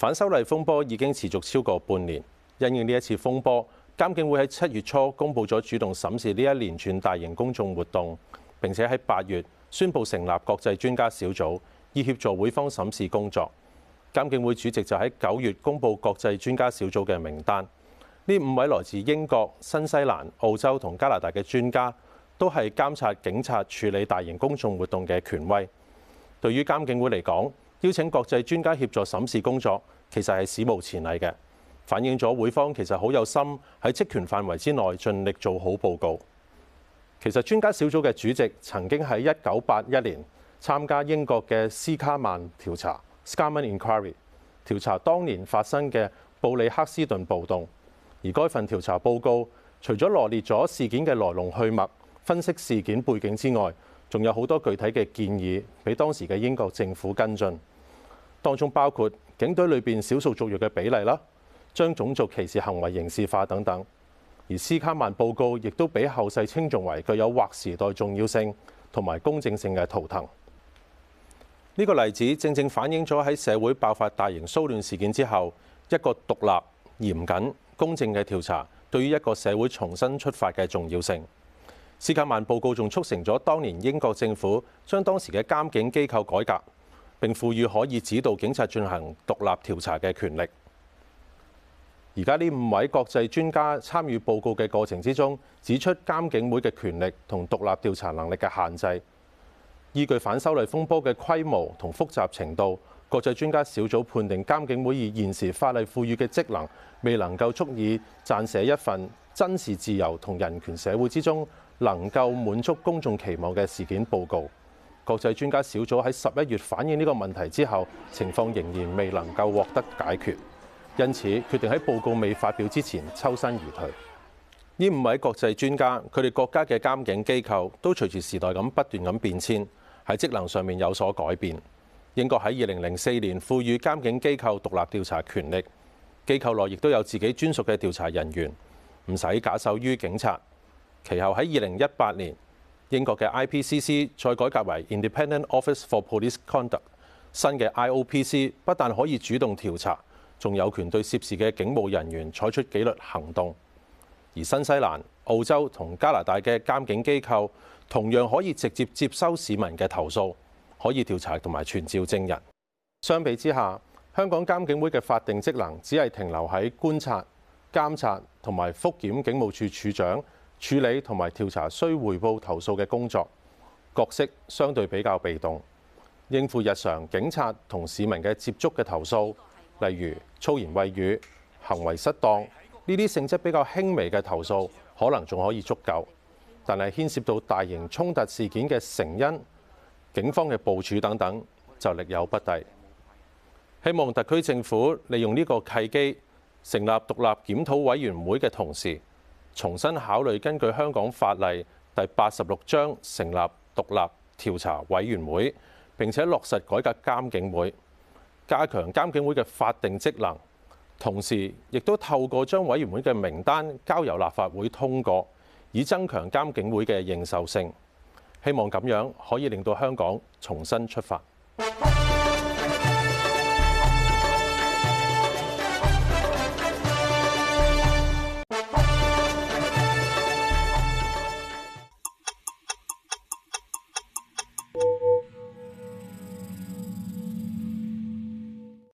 反修例風波已經持續超過半年，因應呢一次風波，監警會喺七月初公布咗主動審視呢一連串大型公眾活動，並且喺八月宣布成立國際專家小組，以協助會方審視工作。監警會主席就喺九月公布國際專家小組嘅名單，呢五位來自英國、新西蘭、澳洲同加拿大嘅專家，都係監察警察處理大型公眾活動嘅權威。對於監警會嚟講，邀請國際專家協助審視工作，其實係史無前例嘅，反映咗會方其實好有心喺職權範圍之內盡力做好報告。其實專家小組嘅主席曾經喺一九八一年參加英國嘅斯卡曼調查 （Scarman Inquiry），調查當年發生嘅布里克斯頓暴動。而該份調查報告除咗羅列咗事件嘅來龍去脈、分析事件背景之外，仲有好多具體嘅建議俾當時嘅英國政府跟進，當中包括警隊裏邊少數族裔嘅比例啦，將種族歧視行為刑事化等等。而斯卡曼報告亦都俾後世稱重為具有劃時代重要性同埋公正性嘅圖騰。呢個例子正正反映咗喺社會爆發大型騷亂事件之後，一個獨立、嚴謹、公正嘅調查對於一個社會重新出發嘅重要性。斯卡曼報告仲促成咗當年英國政府將當時嘅監警機構改革，並賦予可以指導警察進行獨立調查嘅權力。而家呢五位國際專家參與報告嘅過程之中，指出監警會嘅權力同獨立調查能力嘅限制。依據反修例風波嘅規模同複雜程度，國際專家小組判定監警會以現時法例賦予嘅職能，未能夠足以撰寫一份真實自由同人權社會之中，能夠滿足公眾期望嘅事件報告，國際專家小組喺十一月反映呢個問題之後，情況仍然未能夠獲得解決，因此決定喺報告未發表之前抽身而退。呢五位國際專家，佢哋國家嘅監警機構都隨住時代咁不斷咁變遷，喺職能上面有所改變。英國喺二零零四年賦予監警機構獨立調查權力，機構內亦都有自己專屬嘅調查人員，唔使假手於警察。其後喺二零一八年，英國嘅 IPCC 再改革為 Independent Office for Police Conduct，新嘅 IOPC 不但可以主動調查，仲有權對涉事嘅警務人員採取紀律行動。而新西蘭、澳洲同加拿大嘅監警機構同樣可以直接接收市民嘅投訴，可以調查同埋傳召證人。相比之下，香港監警會嘅法定職能只係停留喺觀察、監察同埋復檢警務處處長。處理同埋調查須匯報投訴嘅工作角色，相對比較被動。應付日常警察同市民嘅接觸嘅投訴，例如粗言穢語、行為失當呢啲性質比較輕微嘅投訴，可能仲可以足夠。但係牽涉到大型衝突事件嘅成因、警方嘅部署等等，就力有不逮。希望特區政府利用呢個契機，成立獨立檢討委員會嘅同時，重新考慮根據香港法例第八十六章成立獨立調查委員會，並且落實改革監警會，加強監警會嘅法定職能，同時亦都透過將委員會嘅名單交由立法會通過，以增強監警會嘅認受性。希望咁樣可以令到香港重新出發。